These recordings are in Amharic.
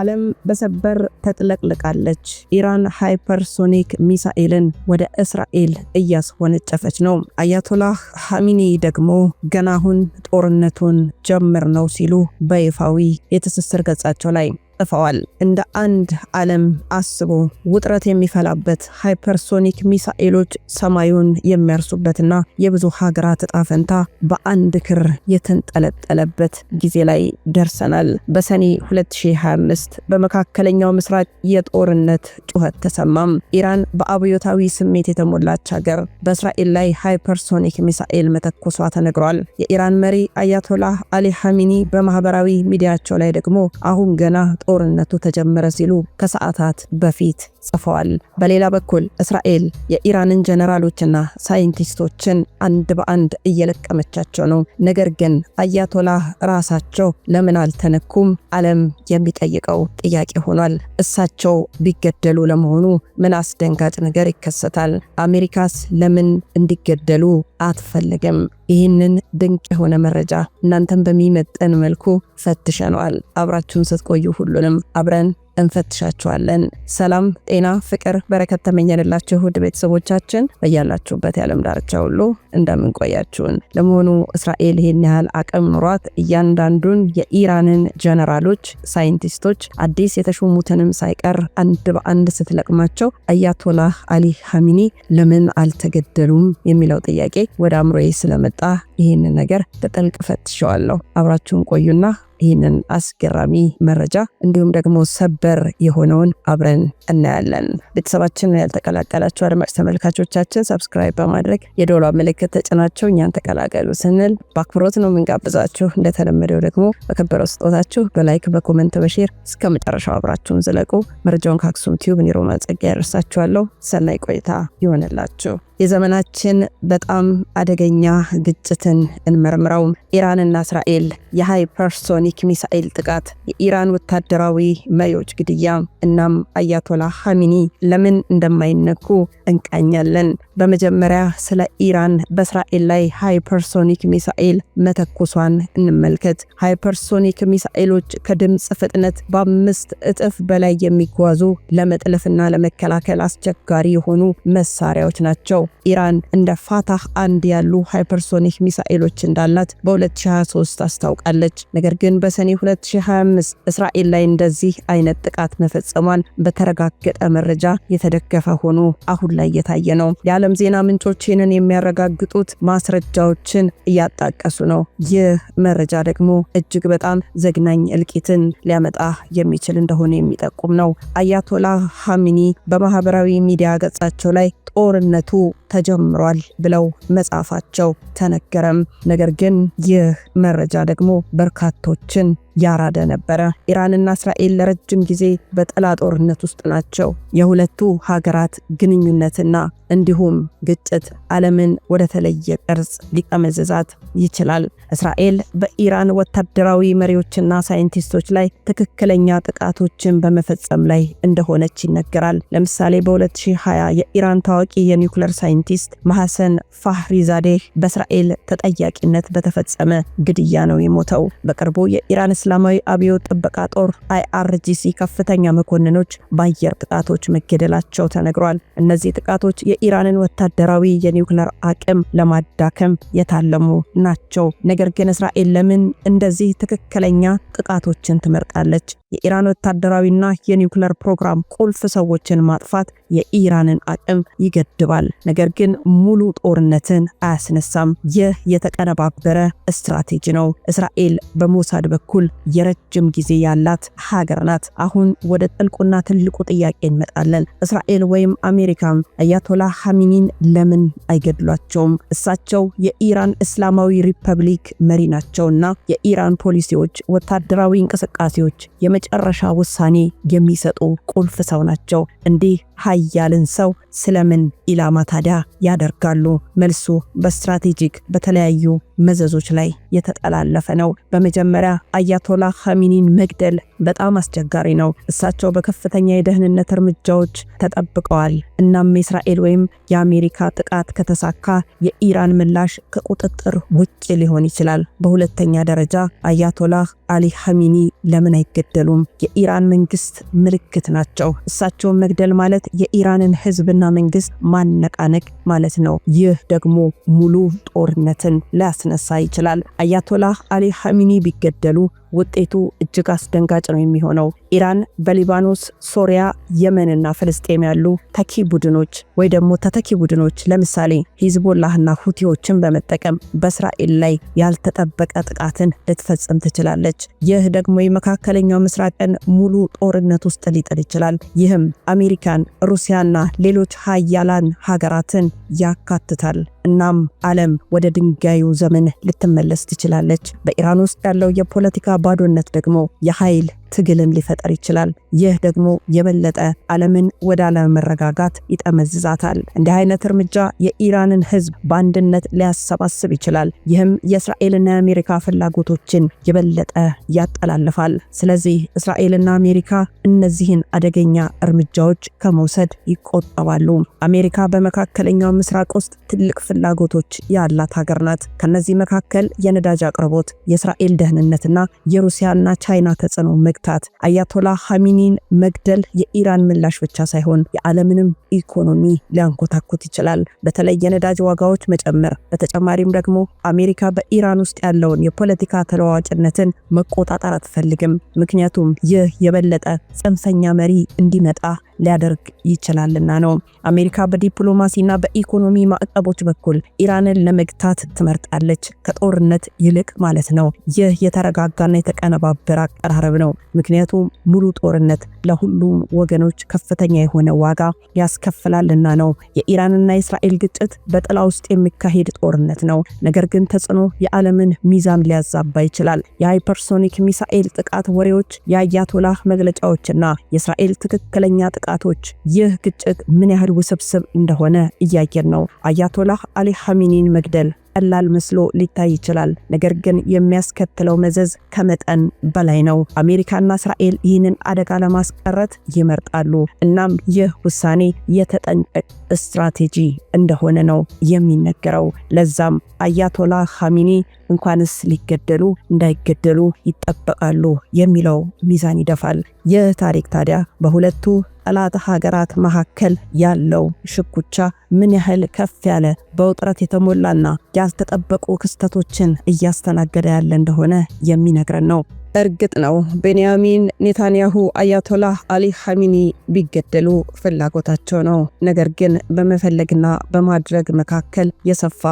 ዓለም በሰበር ተጥለቅልቃለች። ኢራን ሃይፐርሶኒክ ሚሳኤልን ወደ እስራኤል እያስወነጨፈች ነው። አያቶላህ ሐሚኒ ደግሞ ገና አሁን ጦርነቱን ጀምር ነው ሲሉ በይፋዊ የትስስር ገጻቸው ላይ ጥፈዋል። እንደ አንድ ዓለም አስቦ ውጥረት የሚፈላበት ሃይፐርሶኒክ ሚሳኤሎች ሰማዩን የሚያርሱበትና የብዙ ሀገራት እጣ ፈንታ በአንድ ክር የተንጠለጠለበት ጊዜ ላይ ደርሰናል። በሰኔ 2025 በመካከለኛው ምስራቅ የጦርነት ጩኸት ተሰማም። ኢራን በአብዮታዊ ስሜት የተሞላች ሀገር በእስራኤል ላይ ሃይፐርሶኒክ ሚሳኤል መተኮሷ ተነግሯል። የኢራን መሪ አያቶላህ አሊ ሐሚኒ በማህበራዊ ሚዲያቸው ላይ ደግሞ አሁን ገና ጦርነቱ ተጀመረ ሲሉ ከሰዓታት በፊት ጽፈዋል። በሌላ በኩል እስራኤል የኢራንን ጀነራሎችና ሳይንቲስቶችን አንድ በአንድ እየለቀመቻቸው ነው። ነገር ግን አያቶላህ ራሳቸው ለምን አልተነኩም? ዓለም የሚጠይቀው ጥያቄ ሆኗል። እሳቸው ቢገደሉ ለመሆኑ ምን አስደንጋጭ ነገር ይከሰታል? አሜሪካስ ለምን እንዲገደሉ አትፈልግም? ይህንን ድንቅ የሆነ መረጃ እናንተን በሚመጠን መልኩ ፈትሸነዋል። አብራችሁን ስትቆዩ ሁሉንም አብረን እንፈትሻችኋለን። ሰላም፣ ጤና፣ ፍቅር፣ በረከት ተመኘንላችሁ ውድ ቤተሰቦቻችን በያላችሁበት የዓለም ዳርቻ ሁሉ እንደምንቆያችሁን። ለመሆኑ እስራኤል ይህን ያህል አቅም ኑሯት እያንዳንዱን የኢራንን ጀነራሎች፣ ሳይንቲስቶች አዲስ የተሾሙትንም ሳይቀር አንድ በአንድ ስትለቅማቸው አያቶላህ አሊ ሀሚኒ ለምን አልተገደሉም የሚለው ጥያቄ ወደ አእምሮዬ ስለመጣ ይህንን ነገር በጠልቅ ፈትሸዋለሁ። አብራችሁን ቆዩና ይህንን አስገራሚ መረጃ እንዲሁም ደግሞ ሰበር የሆነውን አብረን እናያለን። ቤተሰባችንን ያልተቀላቀላችሁ አድማጭ ተመልካቾቻችን ሰብስክራይብ በማድረግ የዶላ ምልክት ተጭናቸው እኛን ተቀላቀሉ ስንል በአክብሮት ነው የምንጋብዛችሁ። እንደተለመደው ደግሞ በከበረው ስጦታችሁ በላይክ በኮመንት በሼር እስከ መጨረሻው አብራችሁን ዝለቁ። መረጃውን ከአክሱም ቲዩብ ኒሮ መጸጊያ ያደርሳችኋለሁ። ሰናይ ቆይታ ይሆንላችሁ። የዘመናችን በጣም አደገኛ ግጭትን እንመርምረው። ኢራንና እስራኤል የሃይፐርሶኒክ ሚሳኤል ጥቃት፣ የኢራን ወታደራዊ መሪዎች ግድያ፣ እናም አያቶላ ሐሚኒ ለምን እንደማይነኩ እንቃኛለን። በመጀመሪያ ስለ ኢራን በእስራኤል ላይ ሃይፐርሶኒክ ሚሳኤል መተኮሷን እንመልከት። ሃይፐርሶኒክ ሚሳኤሎች ከድምፅ ፍጥነት በአምስት እጥፍ በላይ የሚጓዙ ለመጥለፍና ለመከላከል አስቸጋሪ የሆኑ መሳሪያዎች ናቸው። ነው። ኢራን እንደ ፋታህ አንድ ያሉ ሃይፐርሶኒክ ሚሳኤሎች እንዳላት በ2023 አስታውቃለች። ነገር ግን በሰኔ 2025 እስራኤል ላይ እንደዚህ አይነት ጥቃት መፈጸሟን በተረጋገጠ መረጃ የተደገፈ ሆኖ አሁን ላይ እየታየ ነው። የዓለም ዜና ምንጮች ይህንን የሚያረጋግጡት ማስረጃዎችን እያጣቀሱ ነው። ይህ መረጃ ደግሞ እጅግ በጣም ዘግናኝ እልቂትን ሊያመጣ የሚችል እንደሆነ የሚጠቁም ነው። አያቶላ ሀሚኒ በማህበራዊ ሚዲያ ገጻቸው ላይ ጦርነቱ ተጀምሯል ብለው መጻፋቸው ተነገረም። ነገር ግን ይህ መረጃ ደግሞ በርካቶችን ያራደ ነበረ። ኢራንና እስራኤል ለረጅም ጊዜ በጥላ ጦርነት ውስጥ ናቸው። የሁለቱ ሀገራት ግንኙነትና እንዲሁም ግጭት ዓለምን ወደ ተለየ ቅርጽ ሊጠመዘዛት ይችላል። እስራኤል በኢራን ወታደራዊ መሪዎችና ሳይንቲስቶች ላይ ትክክለኛ ጥቃቶችን በመፈጸም ላይ እንደሆነች ይነገራል። ለምሳሌ በ2020 የኢራን ታዋቂ የኒውክለር ሳይንቲስት ማሐሰን ፋህሪዛዴህ በእስራኤል ተጠያቂነት በተፈጸመ ግድያ ነው የሞተው። በቅርቡ የኢራን እስላማዊ አብዮት ጥበቃ ጦር አይአርጂሲ ከፍተኛ መኮንኖች በአየር ጥቃቶች መገደላቸው ተነግሯል። እነዚህ ጥቃቶች የኢራንን ወታደራዊ የኒውክለር አቅም ለማዳከም የታለሙ ናቸው። ነገር ግን እስራኤል ለምን እንደዚህ ትክክለኛ ጥቃቶችን ትመርጣለች? የኢራን ወታደራዊና የኒውክለር ፕሮግራም ቁልፍ ሰዎችን ማጥፋት የኢራንን አቅም ይገድባል፣ ነገር ግን ሙሉ ጦርነትን አያስነሳም። ይህ የተቀነባበረ ስትራቴጂ ነው። እስራኤል በሞሳድ በኩል የረጅም ጊዜ ያላት ሀገር ናት። አሁን ወደ ጥልቁና ትልቁ ጥያቄ እንመጣለን። እስራኤል ወይም አሜሪካ አያቶላ ሐሚኒን ለምን አይገድሏቸውም? እሳቸው የኢራን እስላማዊ ሪፐብሊክ መሪ ናቸውና የኢራን ፖሊሲዎች፣ ወታደራዊ እንቅስቃሴዎች የመጨረሻ ውሳኔ የሚሰጡ ቁልፍ ሰው ናቸው። እንዲህ ሀያልን ሰው ስለምን ኢላማ ታዲያ ያደርጋሉ? መልሱ በስትራቴጂክ በተለያዩ መዘዞች ላይ የተጠላለፈ ነው። በመጀመሪያ አያ የአያቶላ ኻሚኒን መግደል በጣም አስቸጋሪ ነው። እሳቸው በከፍተኛ የደህንነት እርምጃዎች ተጠብቀዋል። እናም የእስራኤል ወይም የአሜሪካ ጥቃት ከተሳካ የኢራን ምላሽ ከቁጥጥር ውጭ ሊሆን ይችላል። በሁለተኛ ደረጃ አያቶላህ አሊ ኻሚኒ ለምን አይገደሉም? የኢራን መንግስት ምልክት ናቸው። እሳቸውን መግደል ማለት የኢራንን ህዝብና መንግስት ማነቃነቅ ማለት ነው። ይህ ደግሞ ሙሉ ጦርነትን ሊያስነሳ ይችላል። አያቶላህ አሊ ኻሚኒ ቢገደሉ ውጤቱ እጅግ አስደንጋጭ ነው የሚሆነው። ኢራን በሊባኖስ፣ ሶሪያ፣ የመንና ፍልስጤም ያሉ ተኪ ቡድኖች ወይ ደግሞ ተተኪ ቡድኖች ለምሳሌ ሂዝቦላህና ሁቲዎችን በመጠቀም በእስራኤል ላይ ያልተጠበቀ ጥቃትን ልትፈጽም ትችላለች። ይህ ደግሞ የመካከለኛው ምስራቅን ሙሉ ጦርነት ውስጥ ሊጥል ይችላል። ይህም አሜሪካን፣ ሩሲያና ሌሎች ሀያላን ሀገራትን ያካትታል። እናም ዓለም ወደ ድንጋዩ ዘመን ልትመለስ ትችላለች። በኢራን ውስጥ ያለው የፖለቲካ ባዶነት ደግሞ የኃይል ትግልም ሊፈጠር ይችላል። ይህ ደግሞ የበለጠ ዓለምን ወደ አለመረጋጋት ይጠመዝዛታል። እንዲህ አይነት እርምጃ የኢራንን ህዝብ በአንድነት ሊያሰባስብ ይችላል። ይህም የእስራኤልና የአሜሪካ ፍላጎቶችን የበለጠ ያጠላልፋል። ስለዚህ እስራኤልና አሜሪካ እነዚህን አደገኛ እርምጃዎች ከመውሰድ ይቆጠባሉ። አሜሪካ በመካከለኛው ምስራቅ ውስጥ ትልቅ ፍላጎቶች ያላት ሀገር ናት። ከነዚህ መካከል የነዳጅ አቅርቦት፣ የእስራኤል ደህንነትና የሩሲያና ቻይና ተጽዕኖ መግ መክታት፣ አያቶላ ሐሚኒን መግደል የኢራን ምላሽ ብቻ ሳይሆን የዓለምንም ኢኮኖሚ ሊያንኮታኩት ይችላል። በተለይ የነዳጅ ዋጋዎች መጨመር፣ በተጨማሪም ደግሞ አሜሪካ በኢራን ውስጥ ያለውን የፖለቲካ ተለዋዋጭነትን መቆጣጠር አትፈልግም። ምክንያቱም ይህ የበለጠ ጽንፈኛ መሪ እንዲመጣ ሊያደርግ ይችላልና ነው። አሜሪካ በዲፕሎማሲና በኢኮኖሚ ማዕቀቦች በኩል ኢራንን ለመግታት ትመርጣለች፣ ከጦርነት ይልቅ ማለት ነው። ይህ የተረጋጋና የተቀነባበረ አቀራረብ ነው። ምክንያቱም ሙሉ ጦርነት ለሁሉም ወገኖች ከፍተኛ የሆነ ዋጋ ያስከፍላልና ነው። የኢራንና የእስራኤል ግጭት በጥላ ውስጥ የሚካሄድ ጦርነት ነው። ነገር ግን ተጽዕኖ የዓለምን ሚዛን ሊያዛባ ይችላል። የሃይፐርሶኒክ ሚሳኤል ጥቃት ወሬዎች፣ የአያቶላህ መግለጫዎችና የእስራኤል ትክክለኛ ጥቃቶች ይህ ግጭት ምን ያህል ውስብስብ እንደሆነ እያየን ነው። አያቶላህ አሊ ሐሚኒን መግደል ቀላል መስሎ ሊታይ ይችላል። ነገር ግን የሚያስከትለው መዘዝ ከመጠን በላይ ነው። አሜሪካና እስራኤል ይህንን አደጋ ለማስቀረት ይመርጣሉ። እናም ይህ ውሳኔ የተጠንቀቅ ስትራቴጂ እንደሆነ ነው የሚነገረው። ለዛም አያቶላ ኻሚኒ እንኳንስ ሊገደሉ እንዳይገደሉ ይጠበቃሉ የሚለው ሚዛን ይደፋል። ይህ ታሪክ ታዲያ በሁለቱ ጠላት ሀገራት መካከል ያለው ሽኩቻ ምን ያህል ከፍ ያለ በውጥረት የተሞላና ያልተጠበቁ ክስተቶችን እያስተናገደ ያለ እንደሆነ የሚነግረን ነው። እርግጥ ነው ቤንያሚን ኔታንያሁ አያቶላህ አሊ ሐሚኒ ቢገደሉ ፍላጎታቸው ነው። ነገር ግን በመፈለግና በማድረግ መካከል የሰፋ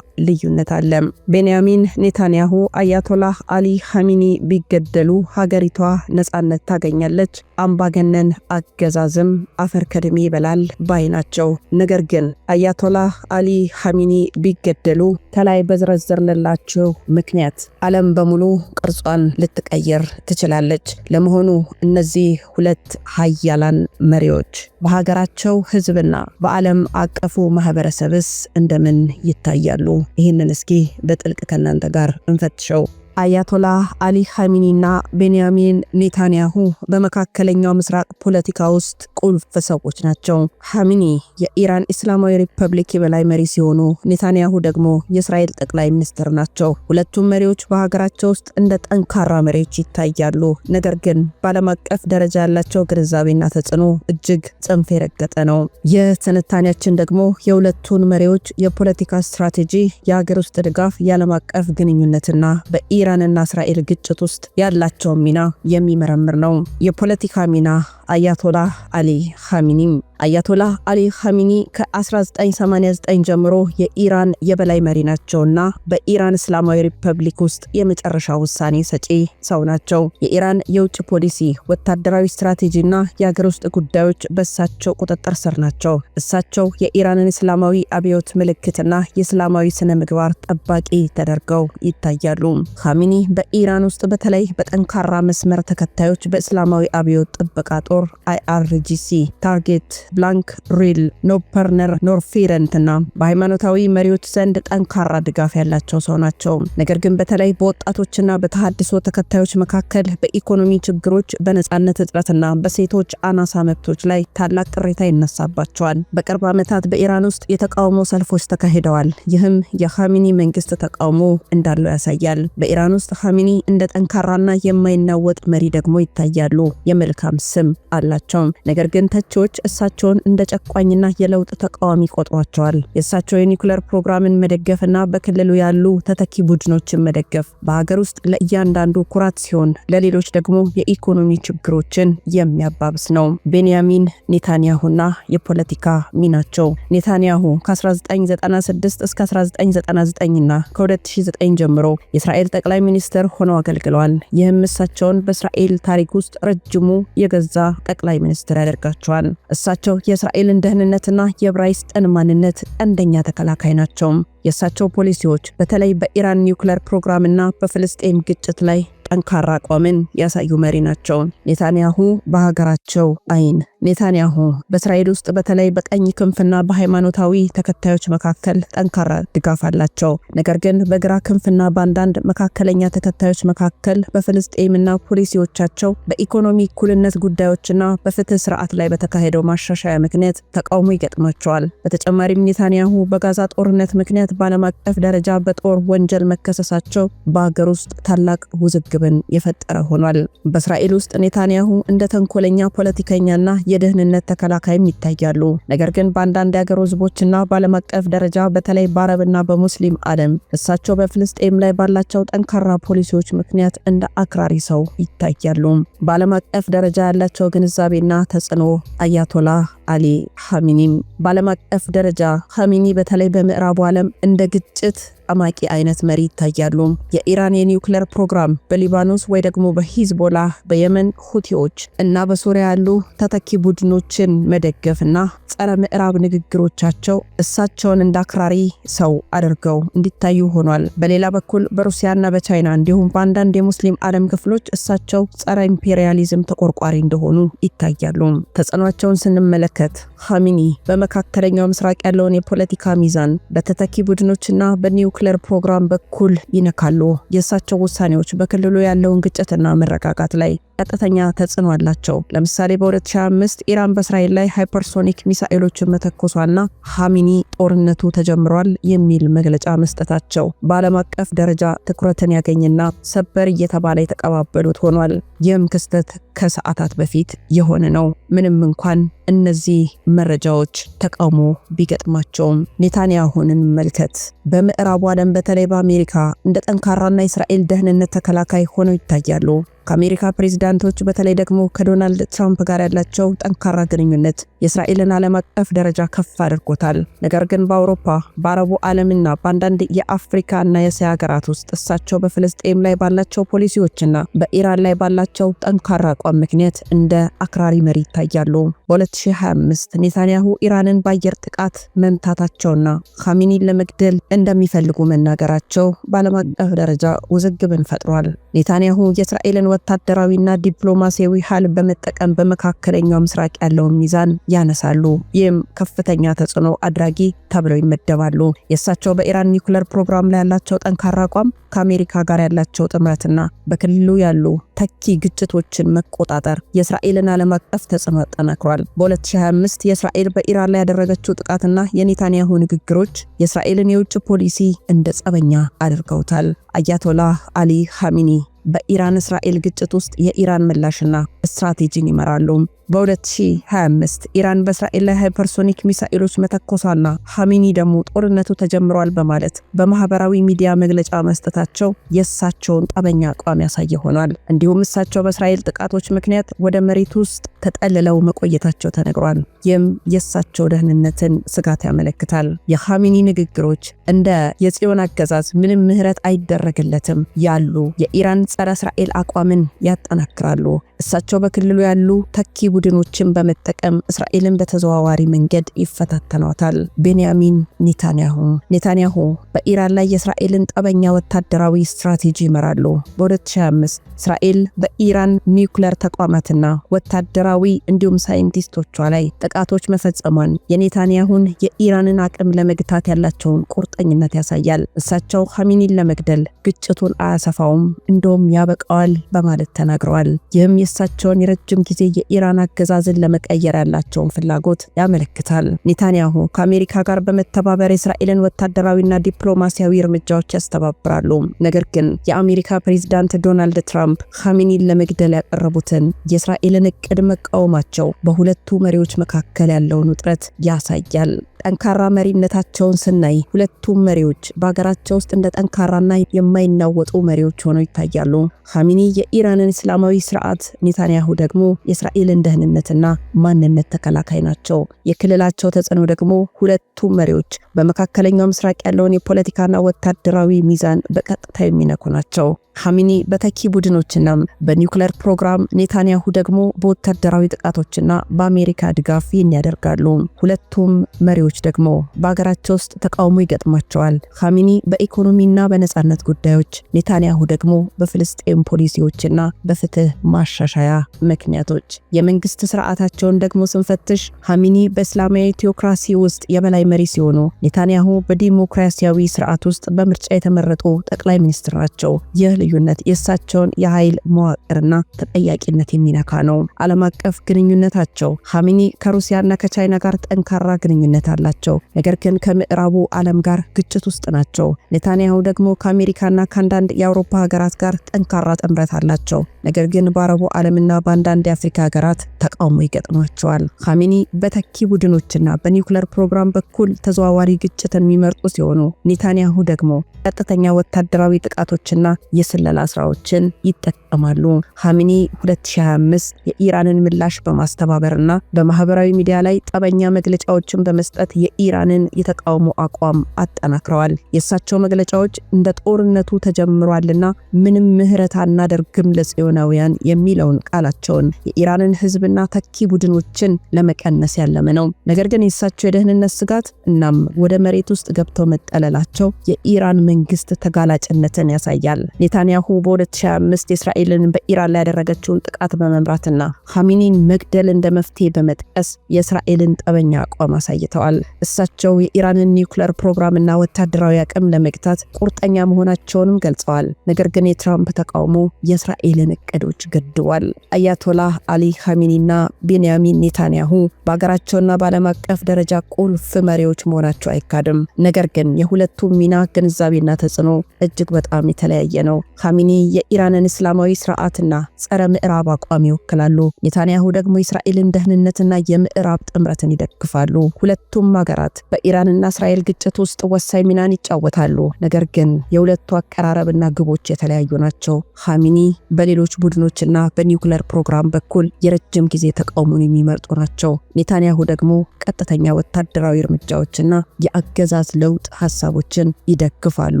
ልዩነት አለ። ቤንያሚን ኔታንያሁ አያቶላህ አሊ ሐሚኒ ቢገደሉ ሀገሪቷ ነጻነት ታገኛለች፣ አምባገነን አገዛዝም አፈር ከድሜ ይበላል ባይ ናቸው። ነገር ግን አያቶላህ አሊ ሐሚኒ ቢገደሉ ከላይ በዘረዘርንላችሁ ምክንያት ዓለም በሙሉ ቅርጿን ልትቀየር ልትቀየር ትችላለች። ለመሆኑ እነዚህ ሁለት ሀያላን መሪዎች በሀገራቸው ህዝብና በዓለም አቀፉ ማህበረሰብስ እንደምን ይታያሉ? ይህንን እስኪ በጥልቅ ከእናንተ ጋር እንፈትሸው። አያቶላህ አሊ ሐሚኒና ቤንያሚን ኔታንያሁ በመካከለኛው ምስራቅ ፖለቲካ ውስጥ ቁልፍ ሰዎች ናቸው። ሐሚኒ የኢራን እስላማዊ ሪፐብሊክ የበላይ መሪ ሲሆኑ ኔታንያሁ ደግሞ የእስራኤል ጠቅላይ ሚኒስትር ናቸው። ሁለቱም መሪዎች በሀገራቸው ውስጥ እንደ ጠንካራ መሪዎች ይታያሉ። ነገር ግን በዓለም አቀፍ ደረጃ ያላቸው ግንዛቤና ተጽዕኖ እጅግ ጽንፍ የረገጠ ነው። ይህ ደግሞ የሁለቱን መሪዎች የፖለቲካ ስትራቴጂ፣ የሀገር ውስጥ ድጋፍ፣ የዓለም አቀፍ ግንኙነትና በኢራን በኢራንና እስራኤል ግጭት ውስጥ ያላቸውን ሚና የሚመረምር ነው። የፖለቲካ ሚና አያቶላህ አሊ ኻሚኒም አያቶላህ አሊ ኻሚኒ ከ1989 ጀምሮ የኢራን የበላይ መሪ ናቸውና በኢራን እስላማዊ ሪፐብሊክ ውስጥ የመጨረሻ ውሳኔ ሰጪ ሰው ናቸው። የኢራን የውጭ ፖሊሲ፣ ወታደራዊ ስትራቴጂና የሀገር ውስጥ ጉዳዮች በእሳቸው ቁጥጥር ስር ናቸው። እሳቸው የኢራንን እስላማዊ አብዮት ምልክትና የእስላማዊ ስነ ምግባር ጠባቂ ተደርገው ይታያሉ። ኻሚኒ በኢራን ውስጥ በተለይ በጠንካራ መስመር ተከታዮች በእስላማዊ አብዮት ጥበቃ ጦር ኖር አይአርጂሲ ታርጌት ብላንክ ሪል ኖፐርነር ኖርፊረንት እና በሃይማኖታዊ መሪዎች ዘንድ ጠንካራ ድጋፍ ያላቸው ሰው ናቸው። ነገር ግን በተለይ በወጣቶችና በተሃድሶ ተከታዮች መካከል በኢኮኖሚ ችግሮች፣ በነፃነት እጥረትና በሴቶች አናሳ መብቶች ላይ ታላቅ ቅሬታ ይነሳባቸዋል። በቅርብ ዓመታት በኢራን ውስጥ የተቃውሞ ሰልፎች ተካሂደዋል። ይህም የኻሚኒ መንግስት ተቃውሞ እንዳለው ያሳያል። በኢራን ውስጥ ኻሚኒ እንደ ጠንካራና የማይናወጥ መሪ ደግሞ ይታያሉ። የመልካም ስም አላቸው። ነገር ግን ተቺዎች እሳቸውን እንደ ጨቋኝና የለውጥ ተቃዋሚ ቆጥሯቸዋል። የእሳቸው የኒውክሌር ፕሮግራምን መደገፍና በክልሉ ያሉ ተተኪ ቡድኖችን መደገፍ በሀገር ውስጥ ለእያንዳንዱ ኩራት ሲሆን፣ ለሌሎች ደግሞ የኢኮኖሚ ችግሮችን የሚያባብስ ነው። ቤንያሚን ኔታንያሁና የፖለቲካ ሚናቸው ኔታንያሁ ከ1996 እስከ 1999ና ከ2009 ጀምሮ የእስራኤል ጠቅላይ ሚኒስትር ሆነው አገልግለዋል። ይህም እሳቸውን በእስራኤል ታሪክ ውስጥ ረጅሙ የገዛ ጠቅላይ ሚኒስትር ያደርጋቸዋል። እሳቸው የእስራኤልን ደህንነትና የዕብራይስጥን ማንነት ቀንደኛ ተከላካይ ናቸው። የእሳቸው ፖሊሲዎች በተለይ በኢራን ፕሮግራም ፕሮግራምና በፍልስጤም ግጭት ላይ ጠንካራ አቋምን ያሳዩ መሪ ናቸው። ኔታንያሁ በሀገራቸው አይን ኔታንያሁ በእስራኤል ውስጥ በተለይ በቀኝ ክንፍና በሃይማኖታዊ ተከታዮች መካከል ጠንካራ ድጋፍ አላቸው። ነገር ግን በግራ ክንፍና በአንዳንድ መካከለኛ ተከታዮች መካከል በፍልስጤምና ፖሊሲዎቻቸው በኢኮኖሚ እኩልነት ጉዳዮችና በፍትህ ስርዓት ላይ በተካሄደው ማሻሻያ ምክንያት ተቃውሞ ይገጥማቸዋል። በተጨማሪም ኔታንያሁ በጋዛ ጦርነት ምክንያት በዓለም አቀፍ ደረጃ በጦር ወንጀል መከሰሳቸው በሀገር ውስጥ ታላቅ ውዝግብን የፈጠረ ሆኗል። በእስራኤል ውስጥ ኔታንያሁ እንደ ተንኮለኛ ፖለቲከኛና የደህንነት ተከላካይም ይታያሉ። ነገር ግን በአንዳንድ የአገር ህዝቦችና በዓለም አቀፍ ደረጃ በተለይ በአረብና በሙስሊም ዓለም እሳቸው በፍልስጤም ላይ ባላቸው ጠንካራ ፖሊሲዎች ምክንያት እንደ አክራሪ ሰው ይታያሉ። በዓለም አቀፍ ደረጃ ያላቸው ግንዛቤና ተጽዕኖ አያቶላ አሊ ሐሚኒም በዓለም አቀፍ ደረጃ ሐሚኒ በተለይ በምዕራቡ ዓለም እንደ ግጭት አማቂ አይነት መሪ ይታያሉ። የኢራን የኒውክሌር ፕሮግራም በሊባኖስ ወይ ደግሞ በሂዝቦላ በየመን ሁቲዎች እና በሶሪያ ያሉ ተተኪ ቡድኖችን መደገፍና ጸረ ምዕራብ ንግግሮቻቸው እሳቸውን እንደ አክራሪ ሰው አድርገው እንዲታዩ ሆኗል። በሌላ በኩል በሩሲያና በቻይና እንዲሁም በአንዳንድ የሙስሊም ዓለም ክፍሎች እሳቸው ጸረ ኢምፔሪያሊዝም ተቆርቋሪ እንደሆኑ ይታያሉ። ተጽዕኗቸውን ስንመለከት ሀሚኒ በመካከለኛው ምስራቅ ያለውን የፖለቲካ ሚዛን በተተኪ ቡድኖችና በኒውክ በኒውክሌር ፕሮግራም በኩል ይነካሉ። የእሳቸው ውሳኔዎች በክልሉ ያለውን ግጭትና መረጋጋት ላይ ቀጥተኛ ተጽዕኖ አላቸው። ለምሳሌ በ2025 ኢራን በእስራኤል ላይ ሃይፐርሶኒክ ሚሳኤሎችን መተኮሷና ሃሚኒ ጦርነቱ ተጀምሯል የሚል መግለጫ መስጠታቸው በዓለም አቀፍ ደረጃ ትኩረትን ያገኝና ሰበር እየተባለ የተቀባበሉት ሆኗል። ይህም ክስተት ከሰዓታት በፊት የሆነ ነው። ምንም እንኳን እነዚህ መረጃዎች ተቃውሞ ቢገጥማቸውም ኔታንያሁን መልከት በምዕራቡ ዓለም በተለይ በአሜሪካ እንደ ጠንካራና የእስራኤል ደህንነት ተከላካይ ሆነው ይታያሉ። ከአሜሪካ ፕሬዚዳንቶች በተለይ ደግሞ ከዶናልድ ትራምፕ ጋር ያላቸው ጠንካራ ግንኙነት የእስራኤልን ዓለም አቀፍ ደረጃ ከፍ አድርጎታል። ነገር ግን በአውሮፓ በአረቡ ዓለምና በአንዳንድ የአፍሪካ እና የእስያ ሀገራት ውስጥ እሳቸው በፍልስጤም ላይ ባላቸው ፖሊሲዎችና በኢራን ላይ ባላቸው ጠንካራ አቋም ምክንያት እንደ አክራሪ መሪ ይታያሉ። በ2025 ኔታንያሁ ኢራንን በአየር ጥቃት መምታታቸውና ኻሜኒን ለመግደል እንደሚፈልጉ መናገራቸው በዓለም አቀፍ ደረጃ ውዝግብን ፈጥሯል። ኔታንያሁ የእስራኤልን ወታደራዊና ዲፕሎማሲያዊ ኃይል በመጠቀም በመካከለኛው ምስራቅ ያለውን ሚዛን ያነሳሉ። ይህም ከፍተኛ ተጽዕኖ አድራጊ ተብለው ይመደባሉ። የእሳቸው በኢራን ኒውክለር ፕሮግራም ላይ ያላቸው ጠንካራ አቋም ከአሜሪካ ጋር ያላቸው ጥምረትና በክልሉ ያሉ ተኪ ግጭቶችን መቆጣጠር የእስራኤልን ዓለም አቀፍ ተጽዕኖ አጠናክሯል። በ2025 የእስራኤል በኢራን ላይ ያደረገችው ጥቃትና የኔታንያሁ ንግግሮች የእስራኤልን የውጭ ፖሊሲ እንደ ጸበኛ አድርገውታል። አያቶላህ አሊ ሐሚኒ በኢራን እስራኤል ግጭት ውስጥ የኢራን ምላሽና ስትራቴጂን ይመራሉ። በ2025 ኢራን በእስራኤል ላይ ሃይፐርሶኒክ ሚሳኤሎች መተኮሷና ሐሚኒ ደግሞ ጦርነቱ ተጀምሯል በማለት በማህበራዊ ሚዲያ መግለጫ መስጠታቸው የእሳቸውን ጠበኛ አቋም ያሳየ ሆኗል። እንዲሁም እሳቸው በእስራኤል ጥቃቶች ምክንያት ወደ መሬት ውስጥ ተጠልለው መቆየታቸው ተነግሯል። ይህም የእሳቸው ደህንነትን ስጋት ያመለክታል። የሐሚኒ ንግግሮች እንደ የጽዮን አገዛዝ ምንም ምህረት አይደረግለትም ያሉ የኢራን ጸረ እስራኤል አቋምን ያጠናክራሉ። እሳቸው በክልሉ ያሉ ተኪቡ ቡድኖችን በመጠቀም እስራኤልን በተዘዋዋሪ መንገድ ይፈታተኗታል። ቤንያሚን ኔታንያሁ ኔታንያሁ በኢራን ላይ የእስራኤልን ጠበኛ ወታደራዊ ስትራቴጂ ይመራሉ። በ2025 እስራኤል በኢራን ኒውክለር ተቋማትና ወታደራዊ እንዲሁም ሳይንቲስቶቿ ላይ ጥቃቶች መፈጸሟን የኔታንያሁን የኢራንን አቅም ለመግታት ያላቸውን ቁርጠኝነት ያሳያል። እሳቸው ሐሚኒን ለመግደል ግጭቱን አያሰፋውም፣ እንደውም ያበቃዋል በማለት ተናግረዋል። ይህም የእሳቸውን የረጅም ጊዜ የኢራን አገዛዝን ለመቀየር ያላቸውን ፍላጎት ያመለክታል። ኔታንያሁ ከአሜሪካ ጋር በመተባበር የእስራኤልን ወታደራዊና ዲፕሎማሲያዊ እርምጃዎች ያስተባብራሉ። ነገር ግን የአሜሪካ ፕሬዚዳንት ዶናልድ ትራምፕ ኻሜኒን ለመግደል ያቀረቡትን የእስራኤልን እቅድ መቃወማቸው በሁለቱ መሪዎች መካከል ያለውን ውጥረት ያሳያል። ጠንካራ መሪነታቸውን ስናይ ሁለቱም መሪዎች በሀገራቸው ውስጥ እንደ ጠንካራና የማይናወጡ መሪዎች ሆነው ይታያሉ። ሐሚኒ የኢራንን እስላማዊ ስርዓት፣ ኔታንያሁ ደግሞ የእስራኤልን ደህንነትና ማንነት ተከላካይ ናቸው። የክልላቸው ተጽዕኖ ደግሞ ሁለቱም መሪዎች በመካከለኛው ምስራቅ ያለውን የፖለቲካና ወታደራዊ ሚዛን በቀጥታ የሚነኩ ናቸው። ሐሚኒ በተኪ ቡድኖችና በኒውክሌር ፕሮግራም፣ ኔታንያሁ ደግሞ በወታደራዊ ጥቃቶችና በአሜሪካ ድጋፍ ይህን ያደርጋሉ። ሁለቱም መሪዎች ደግሞ በሀገራቸው ውስጥ ተቃውሞ ይገጥማቸዋል። ሐሚኒ በኢኮኖሚና በነጻነት ጉዳዮች፣ ኔታንያሁ ደግሞ በፍልስጤም ፖሊሲዎችና በፍትህ ማሻሻያ ምክንያቶች። የመንግስት ስርዓታቸውን ደግሞ ስንፈትሽ ሐሚኒ በእስላማዊ ቴዎክራሲ ውስጥ የበላይ መሪ ሲሆኑ፣ ኔታንያሁ በዲሞክራሲያዊ ስርዓት ውስጥ በምርጫ የተመረጡ ጠቅላይ ሚኒስትር ናቸው። ይህ ልዩነት የእሳቸውን የኃይል መዋቅርና ተጠያቂነት የሚነካ ነው። ዓለም አቀፍ ግንኙነታቸው ሀሚኒ ከሩሲያና ከቻይና ጋር ጠንካራ ግንኙነት አላቸው፣ ነገር ግን ከምዕራቡ ዓለም ጋር ግጭት ውስጥ ናቸው። ኔታንያሁ ደግሞ ከአሜሪካና ከአንዳንድ የአውሮፓ ሀገራት ጋር ጠንካራ ጥምረት አላቸው፣ ነገር ግን በአረቡ ዓለምና በአንዳንድ የአፍሪካ ሀገራት ተቃውሞ ይገጥሟቸዋል። ሀሚኒ በተኪ ቡድኖችና በኒውክለር ፕሮግራም በኩል ተዘዋዋሪ ግጭትን የሚመርጡ ሲሆኑ ኔታንያሁ ደግሞ ቀጥተኛ ወታደራዊ ጥቃቶችና የስለላ ስራዎችን ይጠቀማሉ። ሐሚኒ 2025 የኢራንን ምላሽ በማስተባበርና በማህበራዊ ሚዲያ ላይ ጠበኛ መግለጫዎችን በመስጠት የኢራንን የተቃውሞ አቋም አጠናክረዋል። የእሳቸው መግለጫዎች እንደ ጦርነቱ ተጀምሯልና ምንም ምህረት አናደርግም ለጽዮናውያን የሚለውን ቃላቸውን የኢራንን ህዝብና ተኪ ቡድኖችን ለመቀነስ ያለመ ነው። ነገር ግን የእሳቸው የደህንነት ስጋት እናም ወደ መሬት ውስጥ ገብተው መጠለላቸው የኢራን መንግስት ተጋላጭነትን ያሳያል። ኔታ ኔታንያሁ በ 2005 እስራኤልን በኢራን ላይ ያደረገችውን ጥቃት በመምራትና ሐሚኒን መግደል እንደ መፍትሄ በመጥቀስ የእስራኤልን ጠበኛ አቋም አሳይተዋል። እሳቸው የኢራንን ኒውክለር ፕሮግራምና ወታደራዊ አቅም ለመግታት ቁርጠኛ መሆናቸውንም ገልጸዋል። ነገር ግን የትራምፕ ተቃውሞ የእስራኤልን እቅዶች ገድቧል። አያቶላህ አሊ ሐሚኒና ቤንያሚን ኔታንያሁ በሀገራቸውና በዓለም አቀፍ ደረጃ ቁልፍ መሪዎች መሆናቸው አይካድም። ነገር ግን የሁለቱም ሚና ግንዛቤና ተጽዕኖ እጅግ በጣም የተለያየ ነው። ካሚኒ የኢራንን እስላማዊ ስርዓትና ጸረ ምዕራብ አቋም ይወክላሉ። ኔታንያሁ ደግሞ የእስራኤልን ደህንነትና የምዕራብ ጥምረትን ይደግፋሉ። ሁለቱም ሀገራት በኢራንና እስራኤል ግጭት ውስጥ ወሳኝ ሚናን ይጫወታሉ። ነገር ግን የሁለቱ አቀራረብና ግቦች የተለያዩ ናቸው። ካሚኒ በሌሎች ቡድኖችና በኒውክለር ፕሮግራም በኩል የረጅም ጊዜ ተቃውሞን የሚመርጡ ናቸው። ኔታንያሁ ደግሞ ቀጥተኛ ወታደራዊ እርምጃዎችና የአገዛዝ ለውጥ ሀሳቦችን ይደግፋሉ።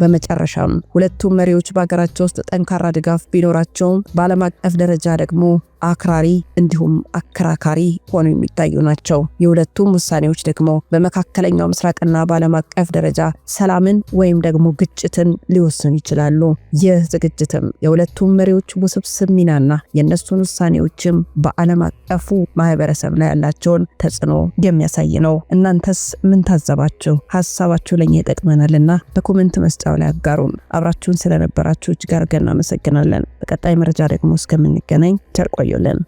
በመጨረሻም ሁለቱም መሪዎች በ በሀገራቸው ውስጥ ጠንካራ ድጋፍ ቢኖራቸውም በዓለም አቀፍ ደረጃ ደግሞ አክራሪ እንዲሁም አከራካሪ ሆነው የሚታዩ ናቸው። የሁለቱም ውሳኔዎች ደግሞ በመካከለኛው ምስራቅና በዓለም አቀፍ ደረጃ ሰላምን ወይም ደግሞ ግጭትን ሊወስኑ ይችላሉ። ይህ ዝግጅትም የሁለቱም መሪዎች ውስብስብ ሚናና የእነሱን ውሳኔዎችም በዓለም አቀፉ ማህበረሰብ ላይ ያላቸውን ተጽዕኖ የሚያሳይ ነው። እናንተስ ምን ታዘባችሁ? ሀሳባችሁ ለኛ ይጠቅመናልና በኮመንት መስጫው ላይ አጋሩን። አብራችሁን ስለነበራችሁ ከአድማጮች ጋር ገና አመሰግናለን። በቀጣይ መረጃ ደግሞ እስከምንገናኝ ቸር ቆዩልን።